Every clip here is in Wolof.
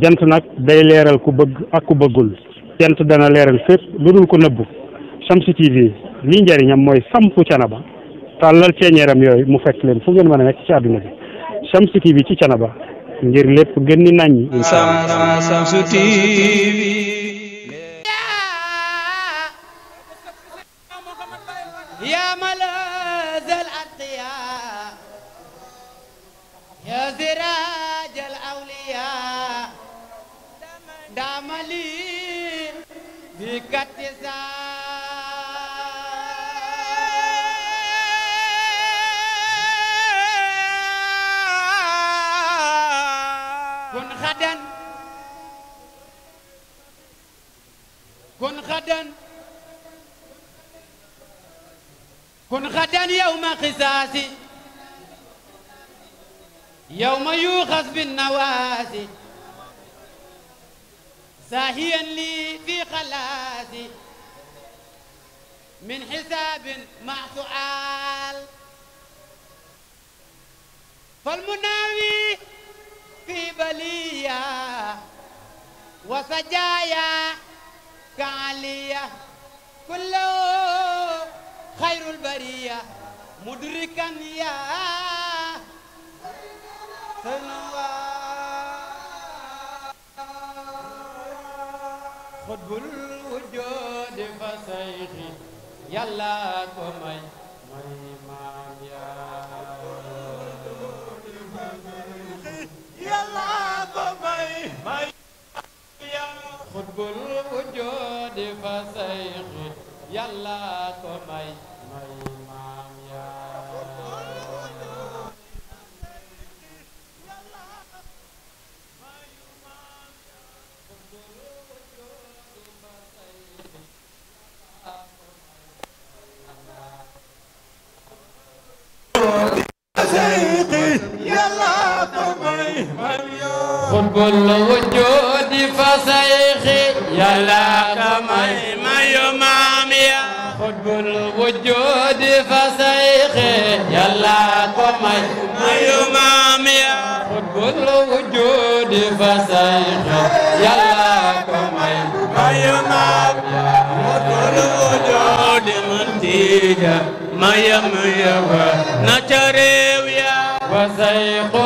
jant nag day leeral ku bëgg ak ku bëggul jant dana leeral fépp lu dul ko nëbbu Shamsu TV lii njëriñam mooy sampu canaba tàllal ceeñeeram yooyu mu fekk leen fu ngeen mën a nekk ci àdduna bi Shamsu TV ci canaba ngir lépp gën ni غدا كن غدا يوم قصاص يوم يوخذ بالنواسي ساهيا لي في خلاسي من حساب مع سؤال فالمناوي في بليه وسجايا كعلية كله خير البرية مدركا يا خطب الوجود فسيخي يلا كمي مي مام يا يلا كمي xutbul wujjoodi fa sayxi yàlla ko may قطب الوجود فسيخي يلا كمي ما يمامي قطب الوجود فسيخي يلا كمي ما يمامي قطب الوجود فسيخي يلا كمي ما يمامي قطب الوجود منتيجة ما يمي ونجري ويا وسيق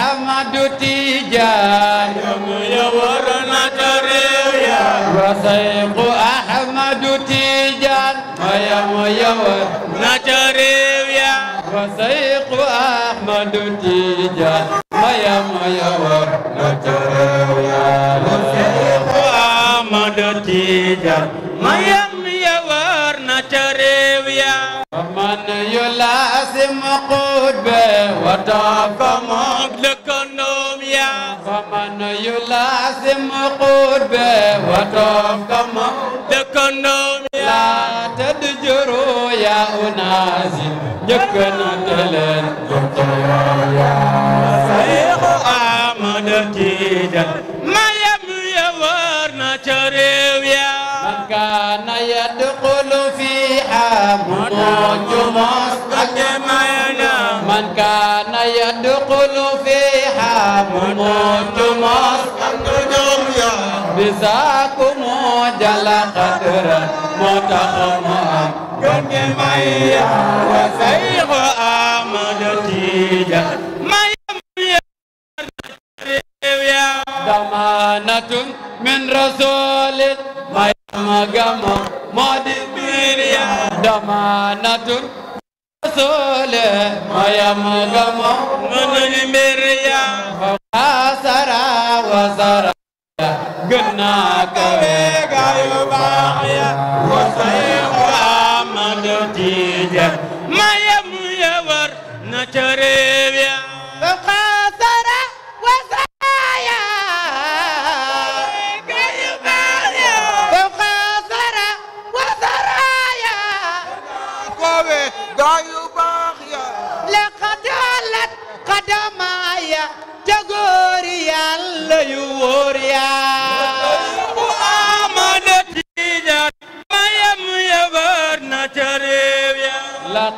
أحمد تيجان يا ورنا تريا وسيق أحمد تيجان ما يا ورنا تريا وسيق أحمد تيجان ما يا ورنا تريا وسيق أحمد تيجان ما يا من يلازم قربه وطاف مطلق النوم يا فمن يلازم قربه وطاف مطلق النوم يا لا تدجروا يا أناس جكنا تلن يا سيخ آمد جيدا ما يمي ورنا تريويا من كان يدخل فيها منوج فيها منوت مستقدم يا بساكم جل قدر متخمام كن ميا وسيغ آمد تيجا ضمانة من رسول ما يمغم مدبير ضمانة rasule mayam nga moom mënuñ mbir ya asara wasara gën naa kawe gaa yu baax ya wasay Ahmadu Tijaan mayam ya war na ca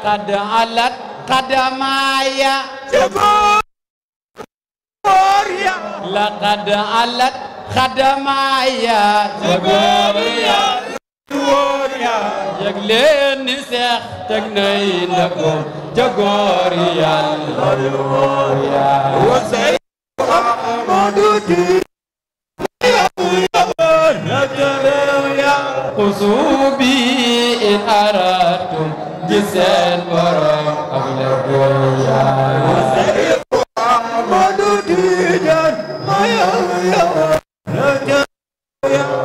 Kada alat kada maya jagoor ya laqad alat kada maya jagoor yëg leen ni seex teg nay na ko ca góor yàlla قصوبي إن أردتم جسد برم قبل الدنيا وسيف أحمد ديجان ما يهوى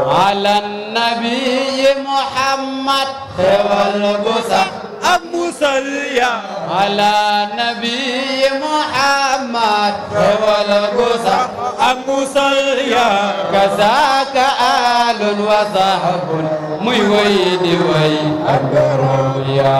على النبي محمد والقصة المصلية على النبي محمد والقصة المصلية كساك آل وصحب مي ويدي وي الدرويا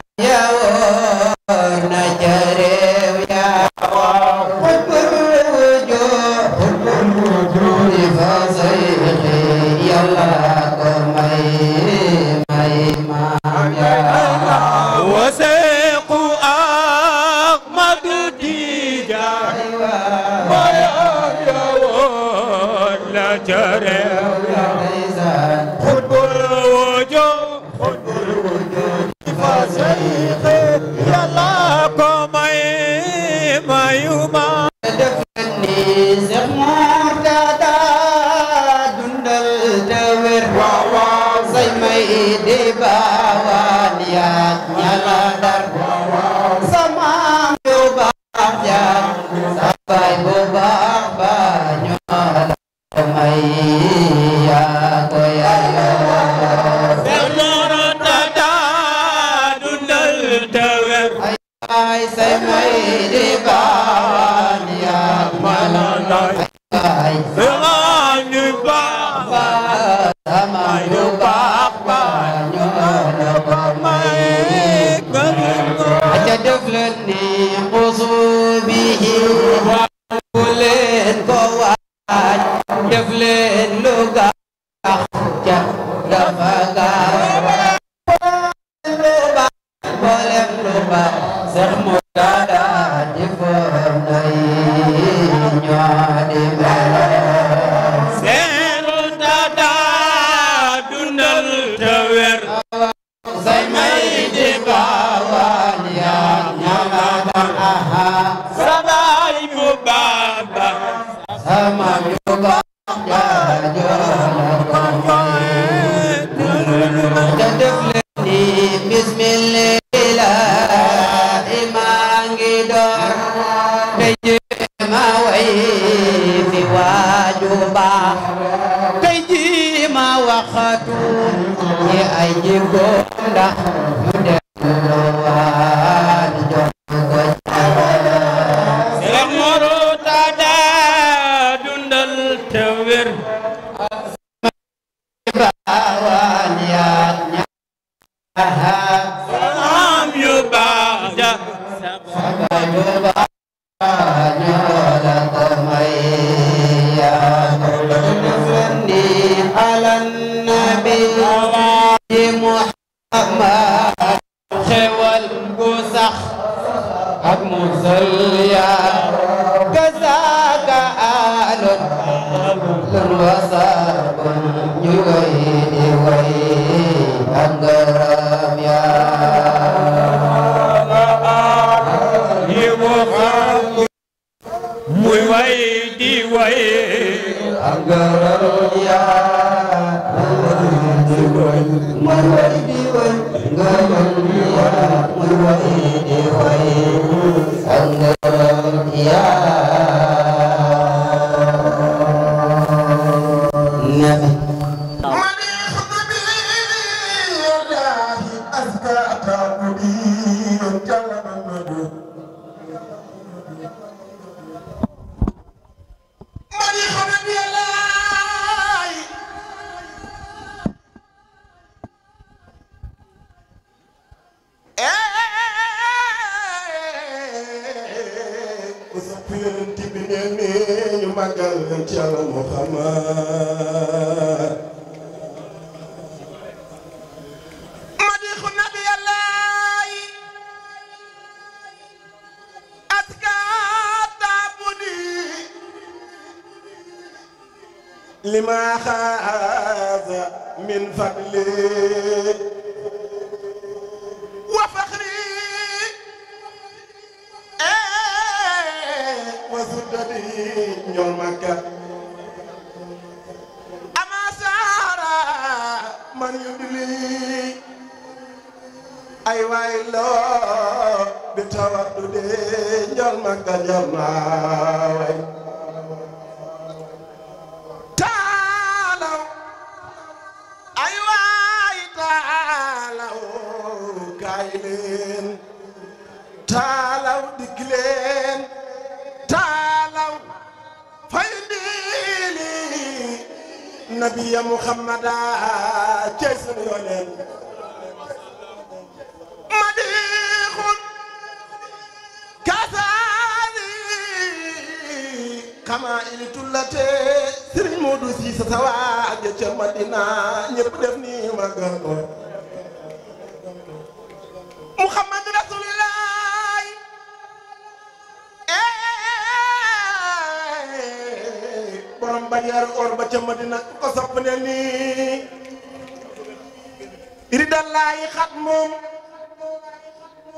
ফুলের লোগা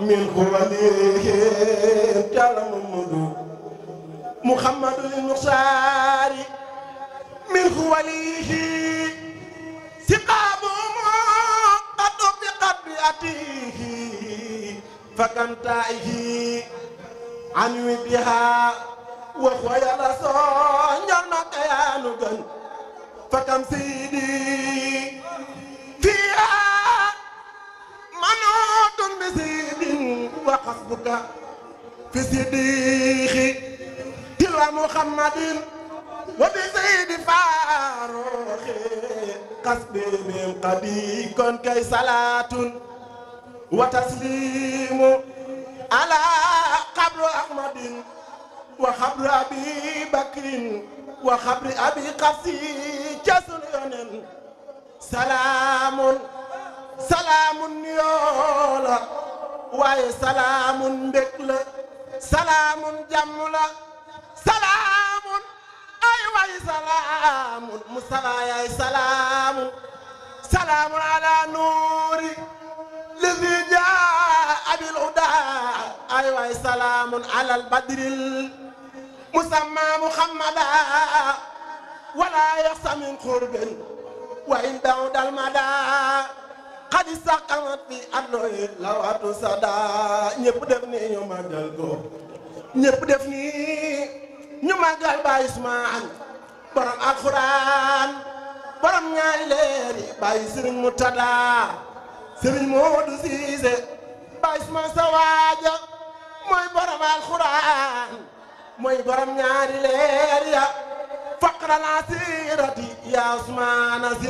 min xuwalihim jàlla mamadu muhammadu nusaari min xuwalihi siqaabumo qadu bi qadri atihi fakantaihi an widiha wa xoyala soo ñor na kayaanu gën fakam siidi منوط بزيد وقصدك في صديقي تلا محمد وبزيد فاروق قصدي من قدي كن كي صلاة وتسليم على قبر أحمد وخبر أبي بكر وخبر أبي قصي جسر سلام salaamu nuyoo la waaye salaamu mbég la salaamu jàmm la salaamu ay way salaamu musalaay ay salaamu salaamu ala nuuri lazi jaa bil hudaa ay way salaamu ala al badril musamma muhammada wala yaxsa min qurbin wa indahu dal madaa xadi saqamat fi andoyi lawatu sada ñëpp def ni ñu màggal ko ñëpp def ni ñu màggal Baay Ismaayil borom alxuraan borom ñaari leer yi Baay Sëriñ Murtada Sëriñ Moodu Siise Baay Ismaayil sa waaja mooy borom alxuraan mooy borom ñaari leer ya faqral asirati ya usmaana si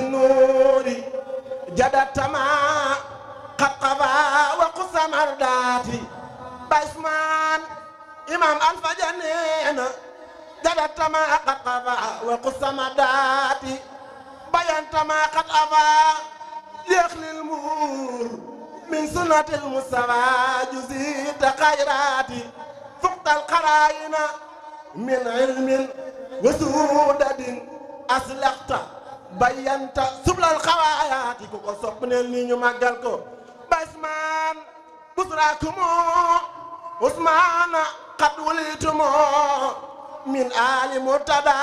جدتما قطبا وقص مرداتي باسمان إمام ألف جنين جدتما قطبا وقص مرداتي بينتما قطبا يخلي المور من سنة المستوى جزيت خيراتي فقط القرائن من علم وسودة أسلقت bayanta sublal xawaayaati ku ko sopp neel ni ñu màggal ko basmaan busraakumoo usmaana xat wulitumoo min aali murtada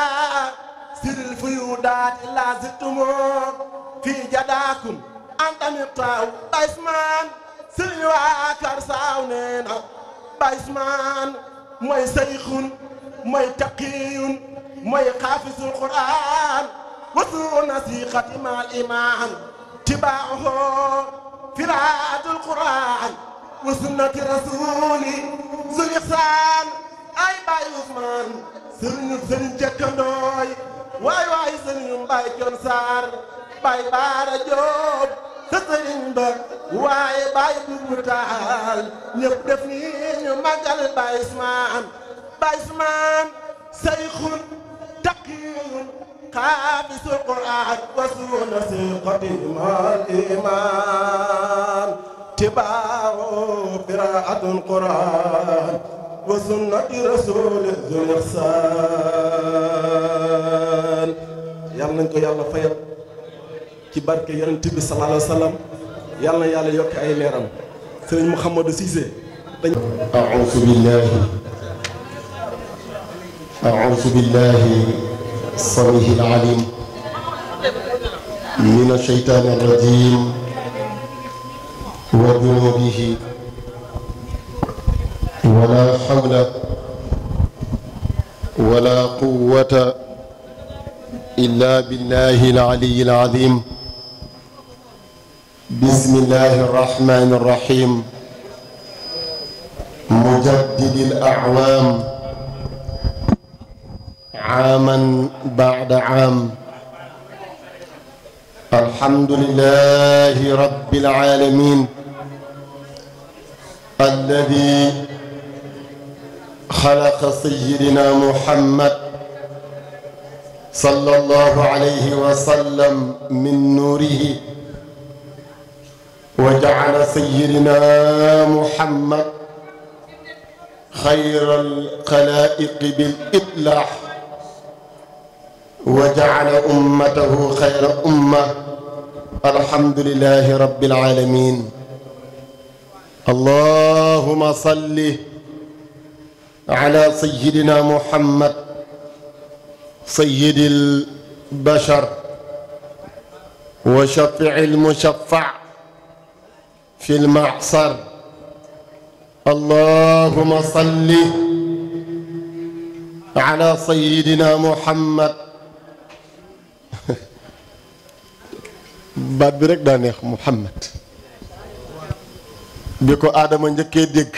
siril fuyu daati laasitumoo fii jadaakum antamit taaw basmaan siril waa kar saaw nee na basmaan mooy sayxun mooy taqiyun mooy xaafisul quraan وسوء النسيقة مع الإمام تباعه فراعة القرآن وسنة رسول ذو الإحسان أي باي عثمان سرن سرن جكندوي واي واي سرن باي سار باي بارا جوب sëriñ ba واي باي dugg taal ñëpp def ni ñu màggal Baye Ousmane Baye Ousmane sayxun قابس القران وسنة قديمة الايمان تباع قراءة القران وسنة رسول ذو الاحسان يلا نكو يلا فيض كي بارك يلا نتبي صلى الله عليه وسلم يلا يلا يوكا اي ليرم سيدنا محمد سيزي اعوذ بالله اعوذ بالله السميع العليم من الشيطان الرجيم وذنوبه ولا حول ولا قوة إلا بالله العلي العظيم بسم الله الرحمن الرحيم مجدد الأعوام عاما بعد عام الحمد لله رب العالمين الذي خلق سيدنا محمد صلى الله عليه وسلم من نوره وجعل سيدنا محمد خير الخلائق بالإطلاح وجعل أمته خير أمة الحمد لله رب العالمين اللهم صل على سيدنا محمد سيد البشر وشفع المشفع في المعصر اللهم صل على سيدنا محمد baat bi rek daa neex muhammad bi ko aadama njëkkee dégg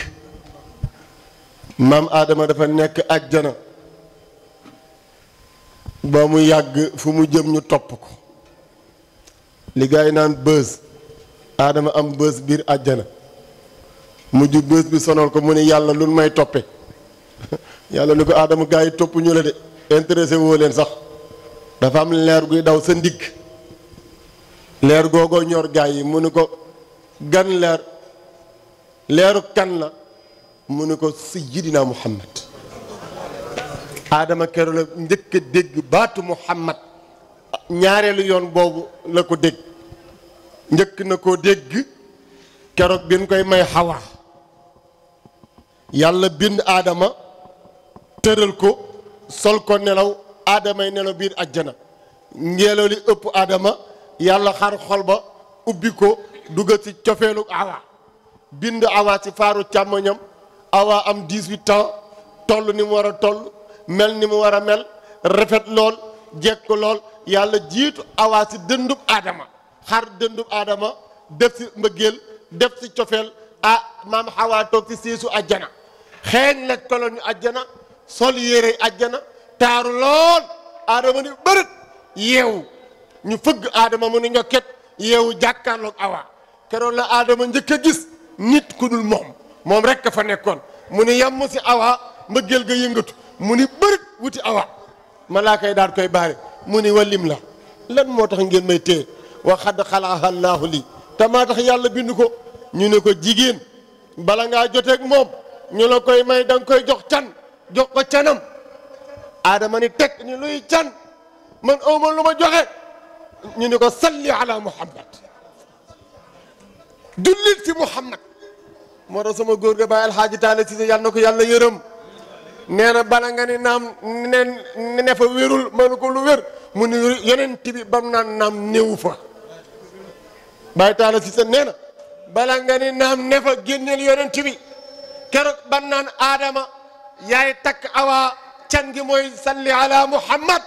maam aadama dafa nekk àjjana ba mu yàgg fu mu jëm ñu topp ko li gaa yi naan bës aadama am bës biir àjjana mujj bës bi sonal ko mu ne yàlla lu may toppe yàlla lu ko aadama gaa yi topp ñu la de intéressé woo leen sax dafa am leer guy daw sa ndigg leer googoo ñor gaay yi mu ne ko gan leer leeru kan la mu ni ko sayyidina muhammad aadama kero la njëkk a dégg baatu muhammad ñaareelu yoon boobu la ko dégg njëkk na ko dégg keroog bi ñu koy may xawa yàlla bind aadama tëral ko sol ko nelaw aadamay nelaw biir ajjana ngelaw li ëpp aadama yàlla xar xol ba ubbi ko dugal ci cofeelu awa bind awa ci faaru càmmoñam awa am 18 ans toll ni mu war a toll mel ni mu war a mel rafet lool jekk lool yàlla jiitu awa ci dëndub aadama xar dëndub aadama def ci mbëggeel def ci cofeel ah maam xawaa toog ci siisu ajjana xeeñ la toloñu ajjana sol yére ajjana taaru lool aadama ni bërët yeewu ñu fëgg aadama mu ne ket yeewu jàkkaarloog awa keroog la aadama njëkk a gis nit ku dul moom moom rek ka fa nekkoon mu ni yàmm si awa mbëggeel ga yëngatu mu ni bërit wuti awa malaaka yi daal koy baare mu ni lim la lan moo tax ngeen may téye wa xadd xalaaha llaahu lii te maa tax yàlla bind ko ñu ne ko jigéen bala ngaa joteeg moom ñu la koy may danga koy jox can jox ko canam aadama ni teg ni luy can man awma lu ma joxe ñu ni ko salli ala muhammad dullil ci muhammad moo tax sama góor ga bàyyi alxaaji taale si yàlla na ko yàlla yërëm nee na bala nga ni naam ne ne fa wérul mënu ko lu wér mu ni yonent bi bam naan naam néewu fa bàyyi taale si sa nee na bala nga ni naam ne fa génneel yonent bi keroog bam naan aadama yaay takk awaa can gi mooy salli ala muhammad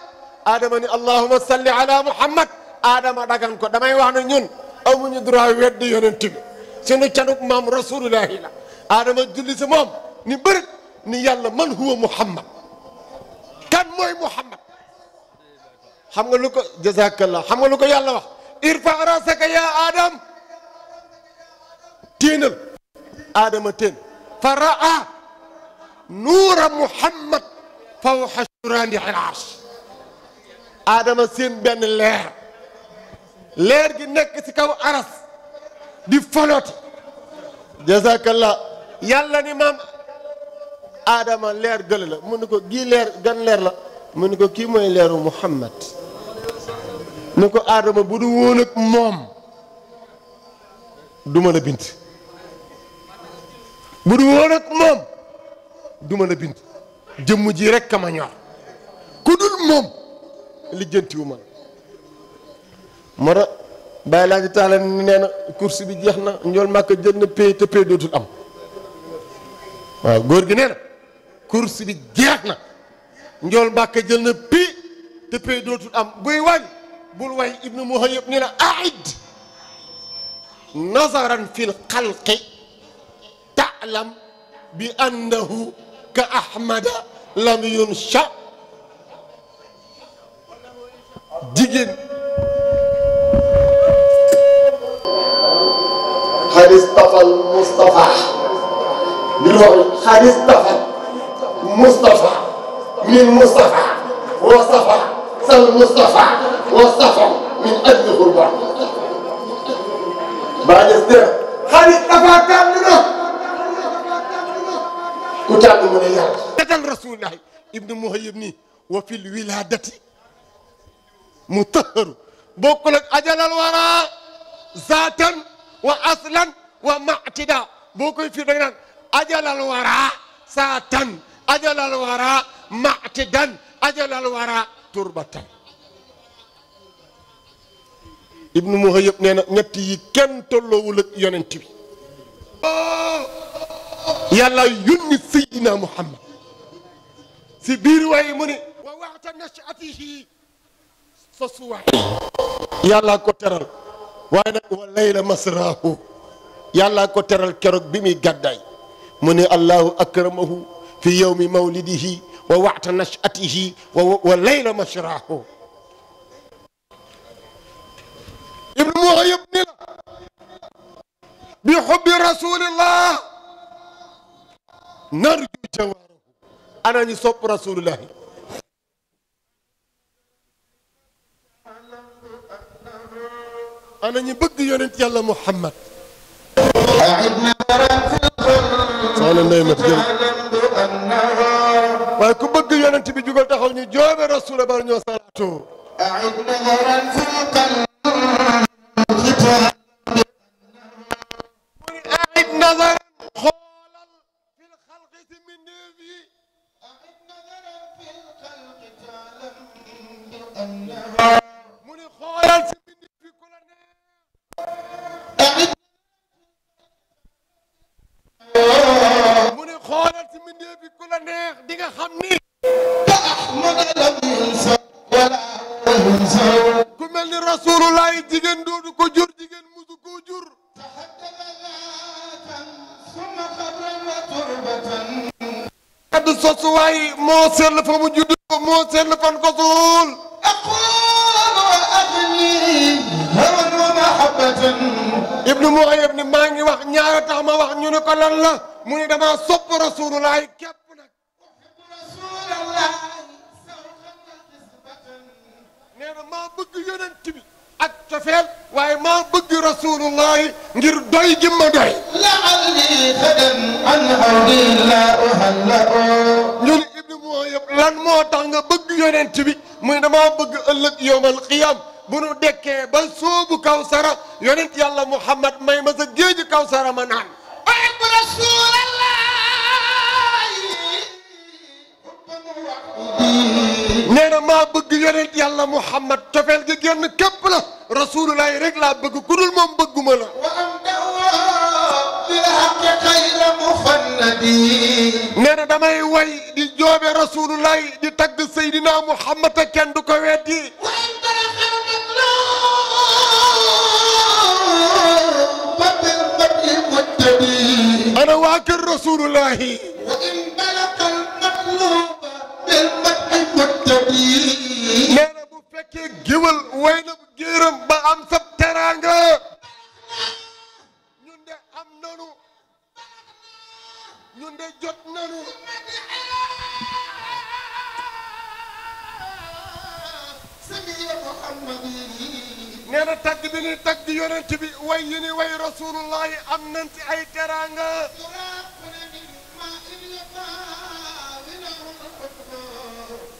aadama ni allahuma salli ala muhammad aadama dagan ko damay wax ne ñun amuñu droit weddi yonent bi suñu canuk maam rasulullahi la aadama julli si moom ni bërit ni yàlla man huwa muhammad kan mooy muhammad xam nga lu ko jazakallah xam nga lu ko yàlla wax irfa rasaka ya adam téenal aadama teen fa raa nuura muhammad fawxa shuraandi al arsh aadama seen benn leer leer gi nekk ci kaw aras di folooti jazakallah yàlla ni maam aadama leer gël la mu ni ko gii leer gan leer la mu ni ko kii mooy leeru muhammad ni ko aadama bu du woon ak moom du ma la bind bu du woon moom du ma la bind jëmm ji rekk ma ñor ku dul moom lijjantiwu ma مرة بايلا تعالى نين كرسي بي نجول نيول ماك جن بي تي بي دوتو ام وا كرسي بي نجول نيول ماك جن بي تي بي دوتو ام بوي واج بول واي ابن مهيب نينا اعد نظرا في الخلق تعلم بانه كاحمد لم ينشا Digging قد اصطفى المصطفى قد اصطفى مصطفى من مصطفى وصفى فالمصطفى وصفى من اجل قربان بعد اصدر قد اصطفى كاملنا كتاب من ايام رسول الله ابن مهيبني وفي الولاده مطهر بوكلك اجل الورى ذاتا wa aslan wa matida boo koy firi da nga naan ajalal wara saatan ajalal wara matidan ajalal wara turbatan ibnu muhayyab nee na ñett yi kenn tolloowul ak yonent bi yàlla yónni sayyidina muhammad si biir waaye mu wa waxta nashaatihi sa suwaay ko teral وانا والليل مسراه يالا كو ترال كروك بيمي غداي مني الله اكرمه في يوم مولده ووقت نشاته والليل مسراه ابن موهي ابن الله بحب رسول الله نرجو جواره انا نصب رسول الله انا ني بغ يونت يالا محمد عدنا صالح نيمت جيم واي كو بغ يونت بي جوغل تاخاو ني جوب رسول الله عليه الصلاه والسلام اعد نظرا في الخلق من نبي اعد نظرا ci mbindéef bi ku la neex di nga xam ni ku mel ni rasulullahi jigéen doodu ko jur jigéen musu ko jur addu sosuwaay moo seetlu fa mu judd moo seetlu fan ko suul Ibnu Muayyab ni maa ngi wax ñaara tax ma wax ñu ne ko lan la mu ni dama sopp Rasulullahi képp nag nee na maa bëgg yonent bi ak cofeel waaye maa bëgg Rasulullahi ngir doy gi ma doy ñun Ibnu Muayyab lan moo tax nga bëgg yonent bi muy dama bëgg ëllëg yowmal qiyaam bu nu dekkee kawsara yonent yàlla muhammad may ma sa kawsara ma naan ahib rasuulallahi nee maa bëgg yonent yàlla muhammad cofeel gi génn képp la rasulullahi rek laa bëgg ku dul moom bëgguma la nee na damay way di joobe rasulullahi di tagg seydina muhammad kenn du ko weddi أنا واكر رسول الله وإن بلغ المطلوب بالمدح متبي نانا بو فكي جول وين جيرم با ام سب ترانغا ñun de am nanu ñun de jot nanu nee na tagg bi ni tagg yonent bi way yi way rasulullahi am nañ ci ay teraanga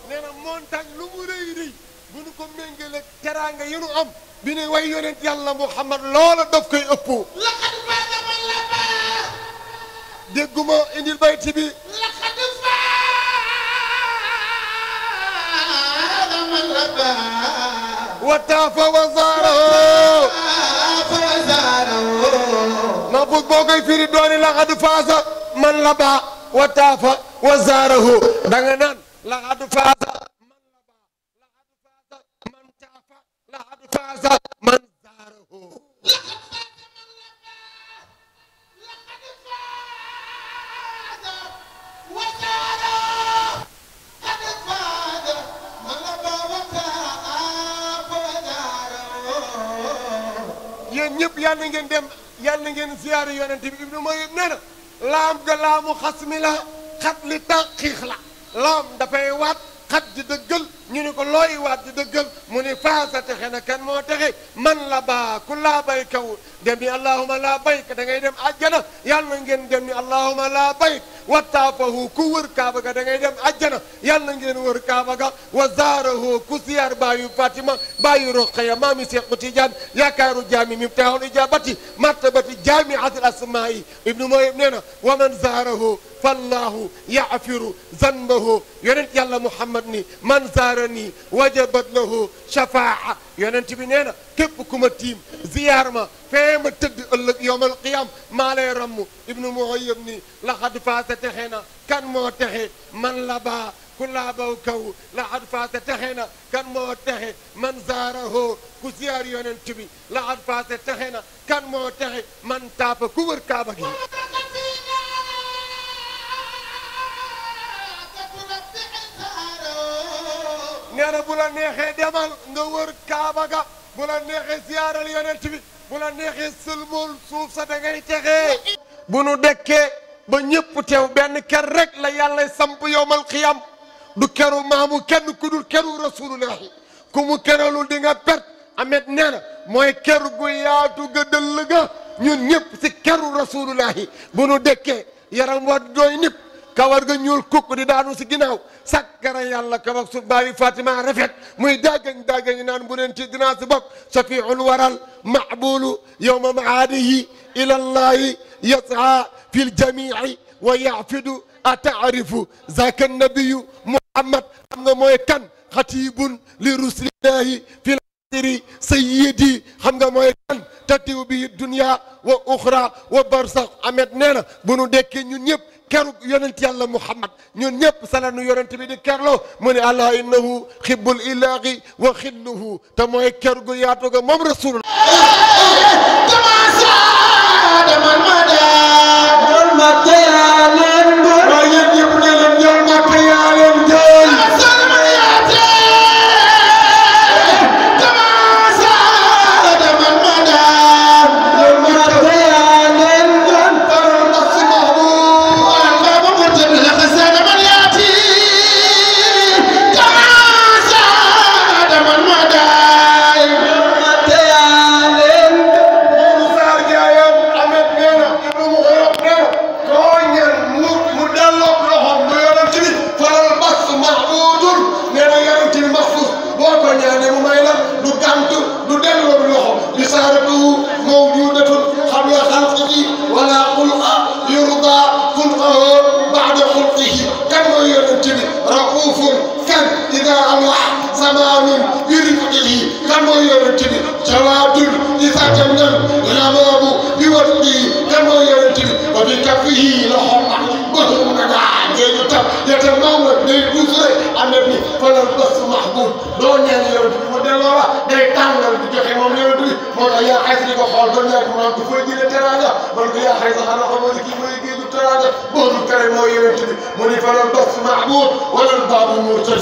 nee na montagne lu mu rëy rëy bu ko méngale teraanga yi am bi ni way yonent yàlla muhammad loola daf koy ëpp dégguma indil bayti bi ربا وطاف وزاره محفوظ boo koy firi dooni laxadu faasa man la ba wataafa wa zaarahu da nga naan laxadu faasa man la ba laxadu faasa man taafa laxadu faasa man yëpp yal na ngeen dem yal na ngeen ziyaare yonent bi ibnu Maryam nee na laam ga laamu xas mi la xat li taqiix la laam dafay waat xat di dëggal ñu ni ko looy waat di dëggal mu ni faasa texe na kan moo texe man la baa ku laa baykawu dem ni allahuma laa bayk da ngay dem àjjana yal na ngeen dem ni allahuma laa bayk wat wattaafahu ku wër kaaba ga da ngay dem ajjana yàlla na ngeen wër kaaba ga wa zaarahu ku siyaar baayu fatima baayu roqaya maami seexu tijaan yaakaaru jaami mi teewlu jaabati martabati jaami asil asmaa'i ibnu moyib nee na wa man zaarahu fallahu yafiru zanbahu yonent yàlla muhammad ni man zaarani wajabat lahu shafaa yonent bi nee na képp ku ma tiim ziyaar ma fee ma tëdd ëllëg yowmal qiyam maa lay ramm ibnu muhayyab ni laxad faasa texe na kan moo texe man la baa ku laabaw kaw laxad faasa texe na kan moo texe man zaarahoo ku ziyaar yonent bi laxad faasa texe na kan moo texe man taapa ku wër kaaba gi nee na bu la neexee demal nga wër Kaaba ga bu la neexee siyaaral yonent bi bu la neexee sëlmool suuf sa da ngay bu nu dekkee ba ñëpp teew benn ker rek la yàlla samp yowmal xiyam du keru maamu kenn ku dul keru rasulullahi ku mu keralul dinga nga perte amet nee mooy ker gu yaatu ga dëll ga ñun ñëpp si keru rasulullahi bu nu dekkee yaram wa doy ñëpp kawar ga ñuul kukk di daanu si ginnaaw sakkara yàlla kawak su bàyyi Fatima rafet muy daggañ daggañ naan bu leen ci dinaa si bokk waral maqbulu yowma maadihi ila llahi fi ljamii wa yafidu ataarifu zaka nabiyu muhammad xam nga mooy kan xatibun li rusulillahi fi lasiri sayidi xam nga moy kan tatiw bi dunya wa uxra wa barsax amet nee na bu nu dekkee ñun ñëpp كرو يونت يالا محمد نيون نيب سالا نو يونت بي دي كيرلو من الله انه خب الالهي وخله تموي كرغو ياتوغا موم رسول xoolal bës mahbub doo ñaan yonent bi mu delloo la day tàngal di joxe moom yonent bi moo tax yaa xaysa di ko xool doon ñaan mu naan du fooy jëlee teraanga man ko yaa xaysa xanaa xamoo ne kii mooy géeju teraanga boo dul tere mooy yonent bi mu ni fa doon bës mahbub wala baabu murtad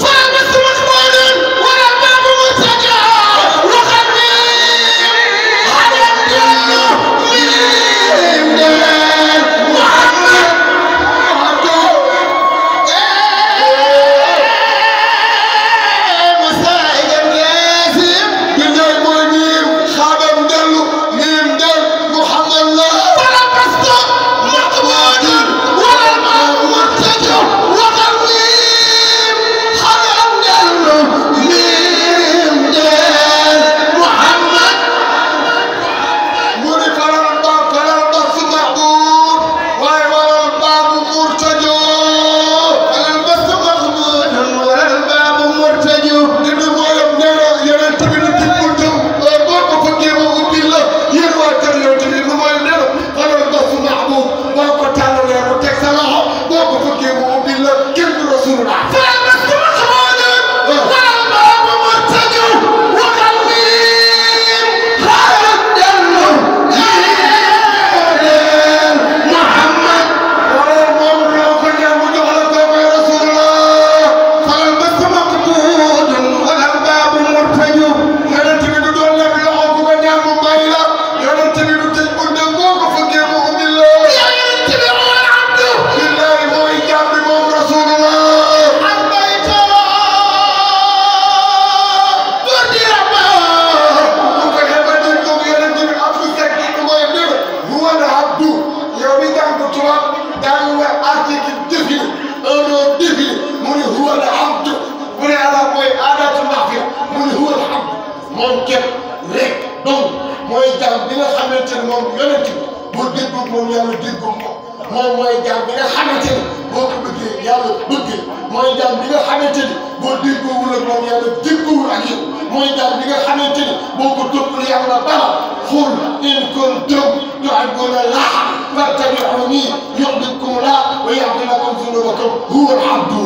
bëgg moom yàlla déggoo ko moom mooy jaam bi nga xamante ni boo ko bëggee yàlla bëggee mooy jaam bi nga xamante ni boo déggoowul ak moom yàlla déggoowul ak yow mooy jaam bi nga xamante ni boo ko toppul yàlla dara xul in kuntum tuhibbuna llaha fattabi'uni yuhbibkumu llah wa yaghfir lakum dhunubakum huwa al-'abdu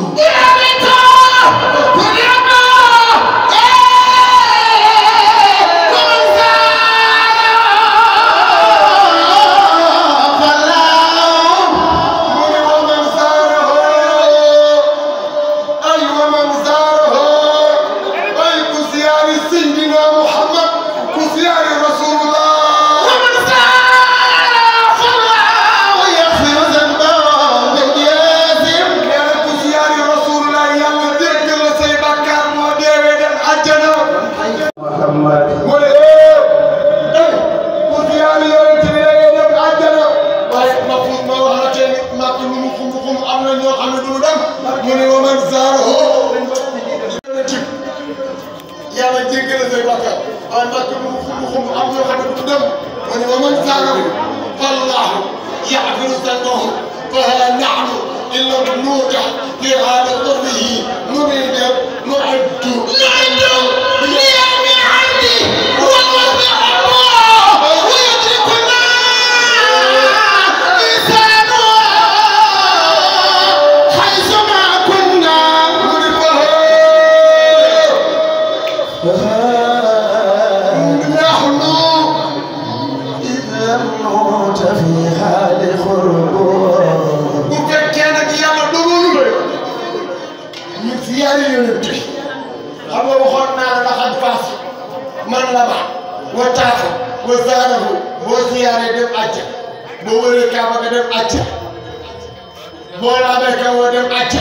مولا بك ودم أتى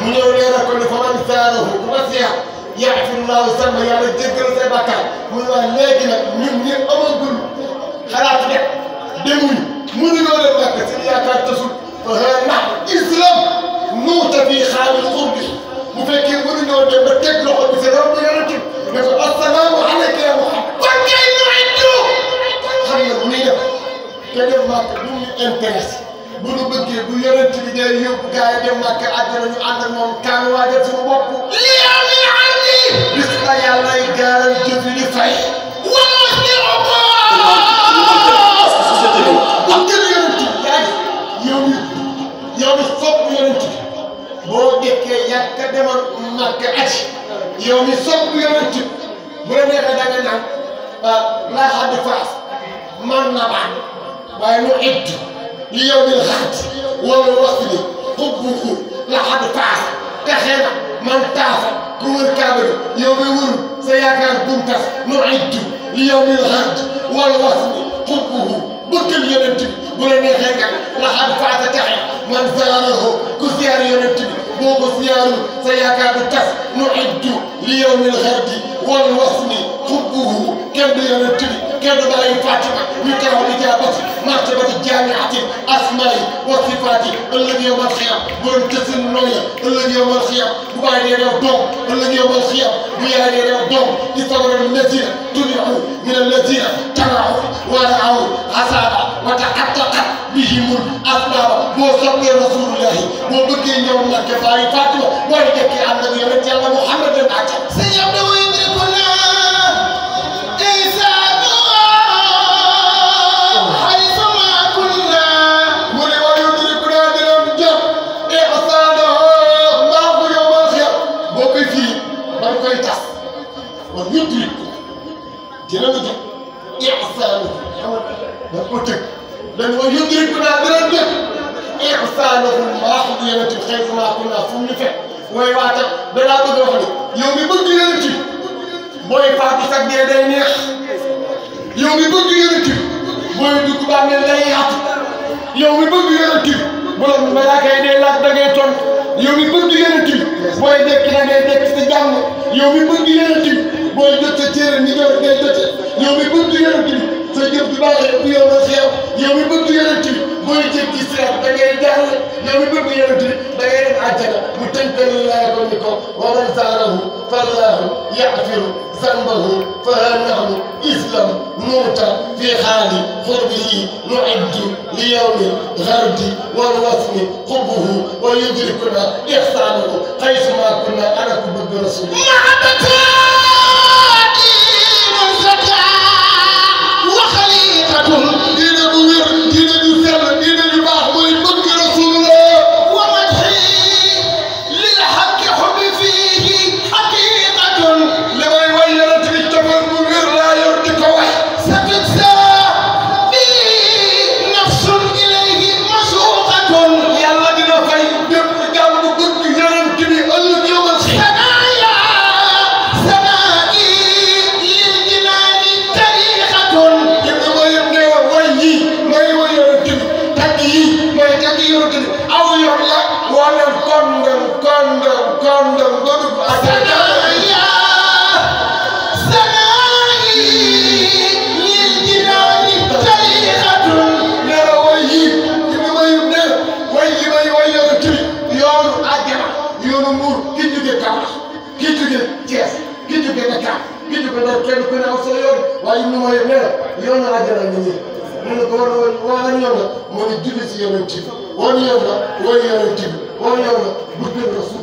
من يولينا كل فمن ساره ومسيح يعفو الله سمى يا الجدر سبكا ولا لكن من من أمغل خلاص ده دموي من يولد لك سيا كتسو فهنا إسلام موت في خال القرب مفكر من يولد لك تكلو بسرعة يرجع نقول السلام عليك يا محمد وكيف عنده خلي الدنيا كده ما تدوم bu ñu bëggee bu yonent bi day yóbbu gars yi dem màkk àjjana ñu ànd ak moom kaan waajal suñu bopp. lii am lii am lii. bis la yàlla yi gaaral jëf yi fay. wala si boppam. société bi. wax dëgg yonent bi yaa ngi yow mi yow mi sopp yonent bi boo dekkee yàgg a demal màkk aj yow mi sopp yonent bi bu la neexee da nga naan ah, laa xam ne faas man na baax waaye mu idd ليوم الغد والوفد حبه لقد طاف تخيل من طاف كور كابر يوم يقول سيكون بنتس نعد ليوم الغد والوفد حبه بكل يوم تبي ولا نخيل لقد فات تحي من زاره كثير يوم تبي بغثيان سياكا بتاس نعد ليوم الغد والوصل حبه كم ينتلي كم باي فاطمة نكاح الإجابة مرتبة الجامعة أسماء وصفاتي الذي يوم الخيام بنتس النوية الذي يوم الخيام ببايد يدعو دوم الذي يوم الخيام بياد يدعو دوم يصبر الذين طلعوا من الذين تبعوا ورعوا عذابا وتحققت بهم الأسباب وصبر رسول الله مو بكي يوم الكفاءة maa ngi fàttali mooy njëkk yi am na yonent yàlla Muhammad léegi nag yow dañ ko teg dañ ko yëngu-yëngu daal di leen def ihsaanuhum maa xub yonent bi xëy na ku naa fu mu ñu fekk mooy waa tax danaa bëgg a wax ni yow mi bëgg yonent bi booy faatu sax dee day neex yow mi bëgg yonent bi booy dugg bàmmeel day yaatu yow mi bëgg yonent bi borom malaaka yi day laaj da ngay tontu yow mi bëgg yonent bi booy dekk da ngay dekk sa jàmm yow mi bëgg yonent bi booy jot sa cere ni nga ngay jot yow mi bëgg yonent bi sa jëf bi baaxee bu yow la xeew yow mi bëgg yonent bi booy jëm ci siraat da ngay jàll yow mi bëgg yonent bi da ngay dem àjjana mu tënkal laa ko ni ko wa man saarahu fallaahu yaxfiru zanbahu fa nahnu islam muuta fi xaali xurbihi nuiddu li yowmi gardi wal wasmi xubuhu wa yudrikuna ixsaanuhu xaysuma kunna ana ku bëgg rasul jaar kii di ko door kenn ku ne aw sa yoon waaye ñu mooy ne yoonu àjjana ñu ñi mu ne ko war waan yoon la moo di julli si yeneen ci wan yoon la wan yeneen ci wan yoon la bu dul rasul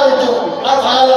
خارج أفعل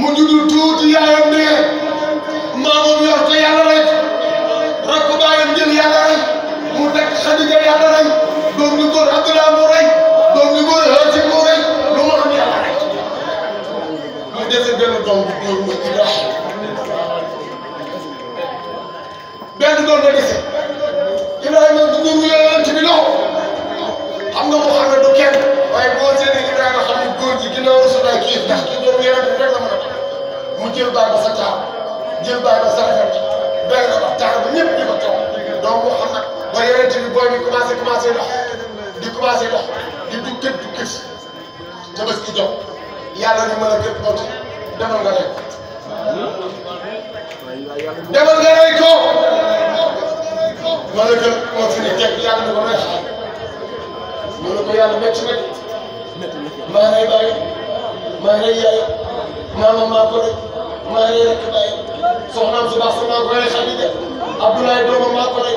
mu juddu tuuti yaayam dee maamam yor ko yàlla rek rakku baayam yàlla rek mu takk Xadija yàlla yàlla rek mu dese benn la dese Ibrahima du góor ci bi loxo mu xam ne du kenn waaye boo seetee Ibrahima xam ne góor jël baay ba sa taal jël baay ba sa rafet doy na ba taal ba ñëpp di ko taw donc mu xam nag ba yeneen ci bi booy bi commencé commencé dox di commencé dox di du kët du kët te bés ki jóg yàlla ni mën a kët booti demal nga rey ko demal nga rey ko ma ne ko continué teg yàlla ni ko may xaar ma ne ko yàlla métti nag maa ngi lay bàyyi maa ngi lay yaay maa ma maa ko rek maa ngi rek bàyyi soxnaam su baax maa ko rey Xadija Abdoulaye doomam maa ko rey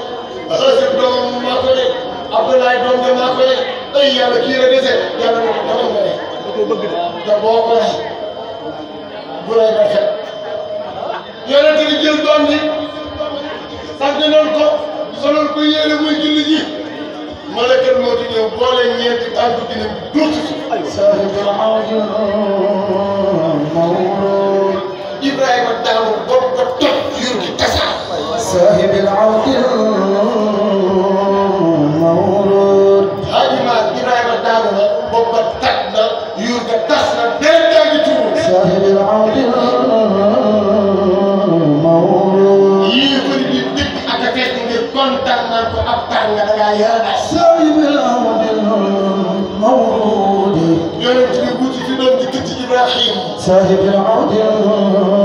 Xasib doomam maa ko rey Abdoulaye doom de maa ko rey ay yàlla kii la dese yàlla na ko dama ko rey te boo ko rey bu lay rafet yonent bi jël doom ji sant nañ ko solal ko yéene muy julli ji malakal moo di ñëw boole ñeenti tànk dina duut. صاحب العرض المولود حاجما إبراهيم الدار بوبا تكنا يوجا تسنا دين صاحب العرض المولود يفر دي ديك أكفيت نجي كونتان نانكو أبتان نغا يانا صاحب العرض المولود يوجد وجود في دون ديك إبراهيم صاحب العرض المولود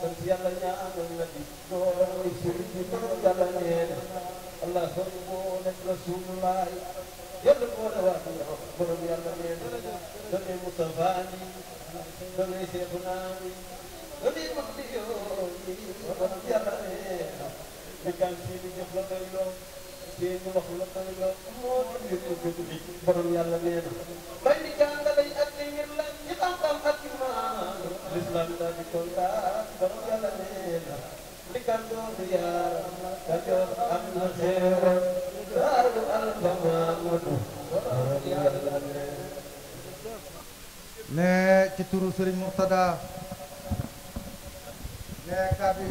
sant yàlla ñaa amal na bi dooy sëriñ bi ma yàlla nee na allah sol moo def rasulullahi yàlla moo la wax ne borom yàlla nee na dooy Mustafa ni dooy Seexuna ni dooy Mahdi yoo ni borom yàlla nee na di kan seeni jëf la doy loo seeni wax la doy loo moo di ko jëf bi borom yàlla nee na may di jàngale ak ngir lan ñi xam-xam Islam dari kota berjalannya Berikan dunia Kajur al Murtada Ne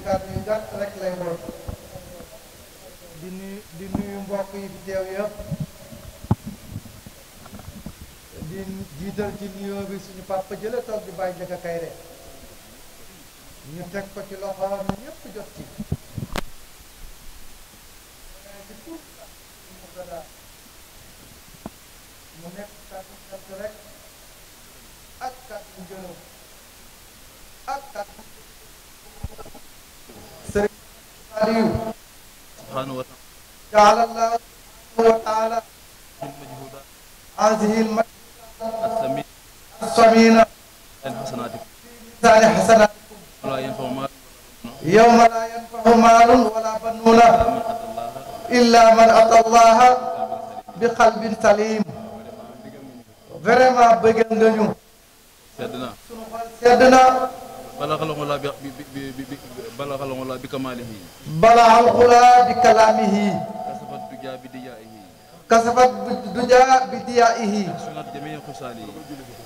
gat rek Dini, dini mbok yi teew di jiital ci nuyoo bi suñu papa jële toog di bàyyi njëkk ñu teg ci loxoom mu nekk kàddu sant rek ak kàddu ngërëm ak kàddu sëriñ Aliou subhanahu السمين الإنسان حسناتكم يوم لا ينفع مال ولا بنون إلا من أتى الله بقلب سليم vraiment bëgg nga ñu. sedd naa sunu xol sedd naa. balaa xalaqulaa bi bi bi bi balaa xalaqulaa bi kamaalihi. balaa xalaqulaa bi kalaamihi. kasafat dujaa bi dijaayi. kasafat duja bidiyaihi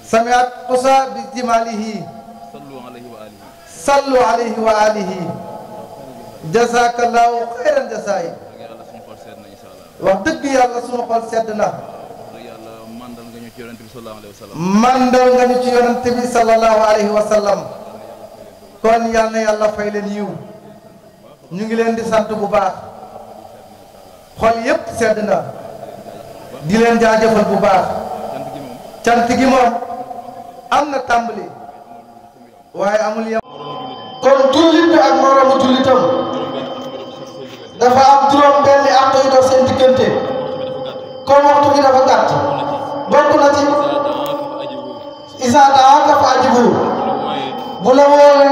samiat qusa bijimalihi sallu alaihi wa alihi jazakallahu khairan jazai wax dëgg yàlla sunu xol sedd mandal nga ñu ci yaronte bi sallallahu alaihi wa sallam kon yal na yàlla fay leen yu ñu ngi leen di sant bu baax xol yep sedna di a jaajëfal bu baax cant am na tàmbali waaye amul yem kon jullit bi ak moromu jullitam dafa am juróom benni àq yu dox seen diggante kon bi dafa gàtt bokk na ci isa daaka fa ajibu bu la woowe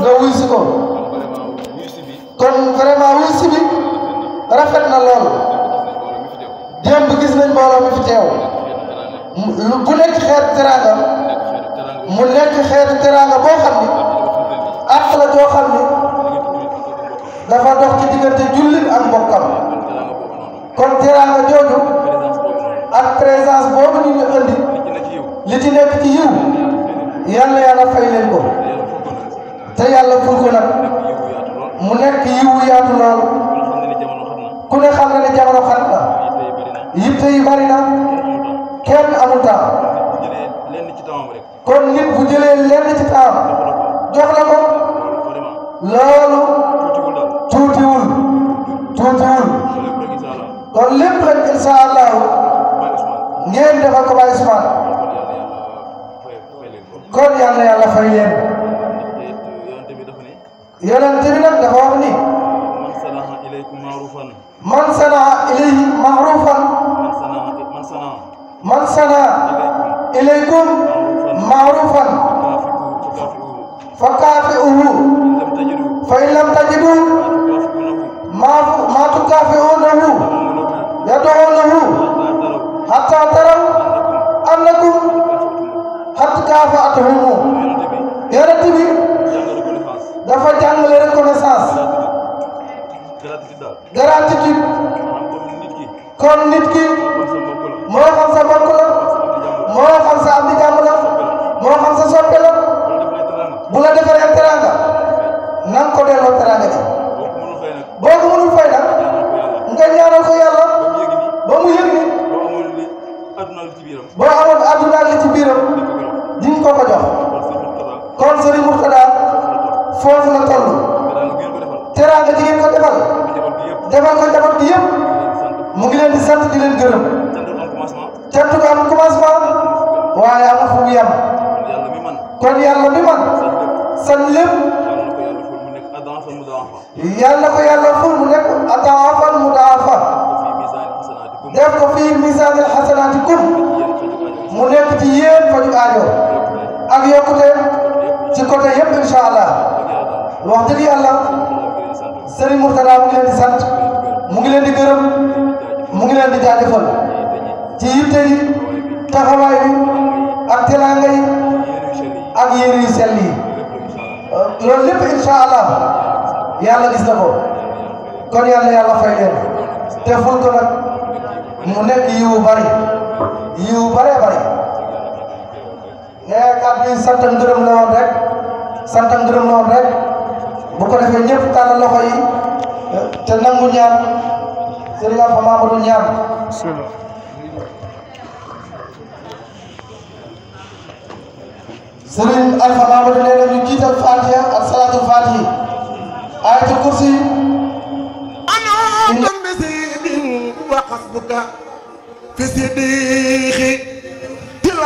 nga wuy ko kon vraiment wuy si bi rafet na lool ديام بكيز من بولا مفتاو كونك خير تراغا مولاك خير تراغا بو خمي أقل دو خمي دفا دوخ كي ديگر تجلل أن بوكام كون تراغا جوجو أن بريزانس بوغ ني نقلدي لتي نك تيو يالا يالا فايلين بو تيالا فوقنا مولاك يو ياتو نالو كونك خمنا لجامنا خمنا yitte yi bari na kenn amul temps kon nit bu lenn ci temps jox la ko loolu tuutiwul tuutiwul kon lépp rek insha allahu ngeen defal ko bàyyi sumaan kon yàlla yàlla fay leen yonent bi nag dafa wax ni man sana ilaykum ma'rufan fa kaafi'uhu fa in lam tajidu ma tukaafi'unahu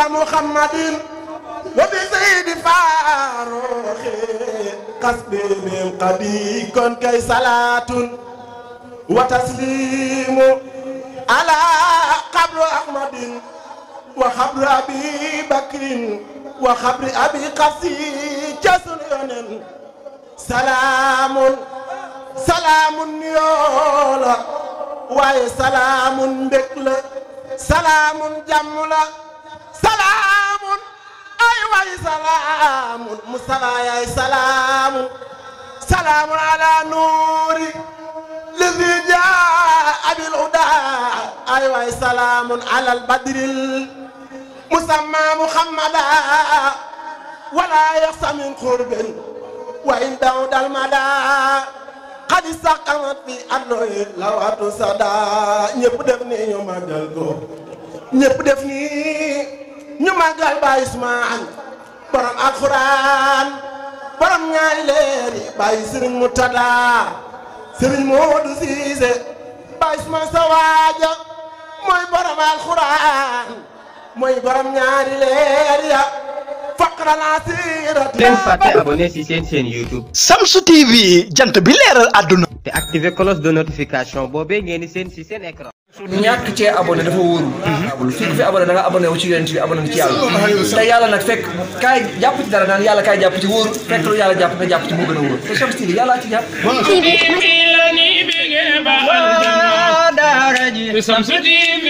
محمد وبسيد فاروق قصدي من قدي كن كي صلاة وتسليم على قبر أحمد وخبر أبي بكر وخبر أبي قصي جسن سلام سلام يولا واي سلام بكلا سلام جملا salaamu ay way salaamu Mustafa yaay salaamu salaamu ala nuuri lisi jaa abil hudaa ay way salaamu ala al badril musamma muhammada wala yaxsa min qurbin wa in daw dal madaa xadi saqamat bi addoy lawatu sada ñëpp def ni ñu màggal ko ñëpp def ni ñu màggal Baay borom alquran borom ñaari leeri bay Sëriñ mutada Sëriñ Moodu Siise bay Ismaan sawaja moy borom alxuraan mooy borom ñaari leer ya leen ya. fàtte YouTube Shamsu TV jant bi leeral àdduna te activer cloche de notification boobee ci écran su ñàkk cee abonné dafa wóoru fi abonné da nga abonné wu ci yonent bi abonné ci yàlla te yàlla nag fekk kaay jàpp ci dara naan yàlla kaay jàpp ci wóoru fekk lu yàlla jàpp nga jàpp ci moo gën a wóor te Shamsu TV yàllaa ci jàpp daara ji Shamsu TV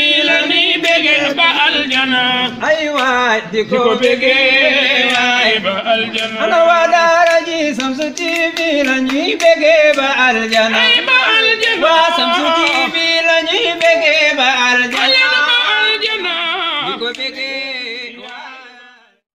bégee ba aljana di ko bégee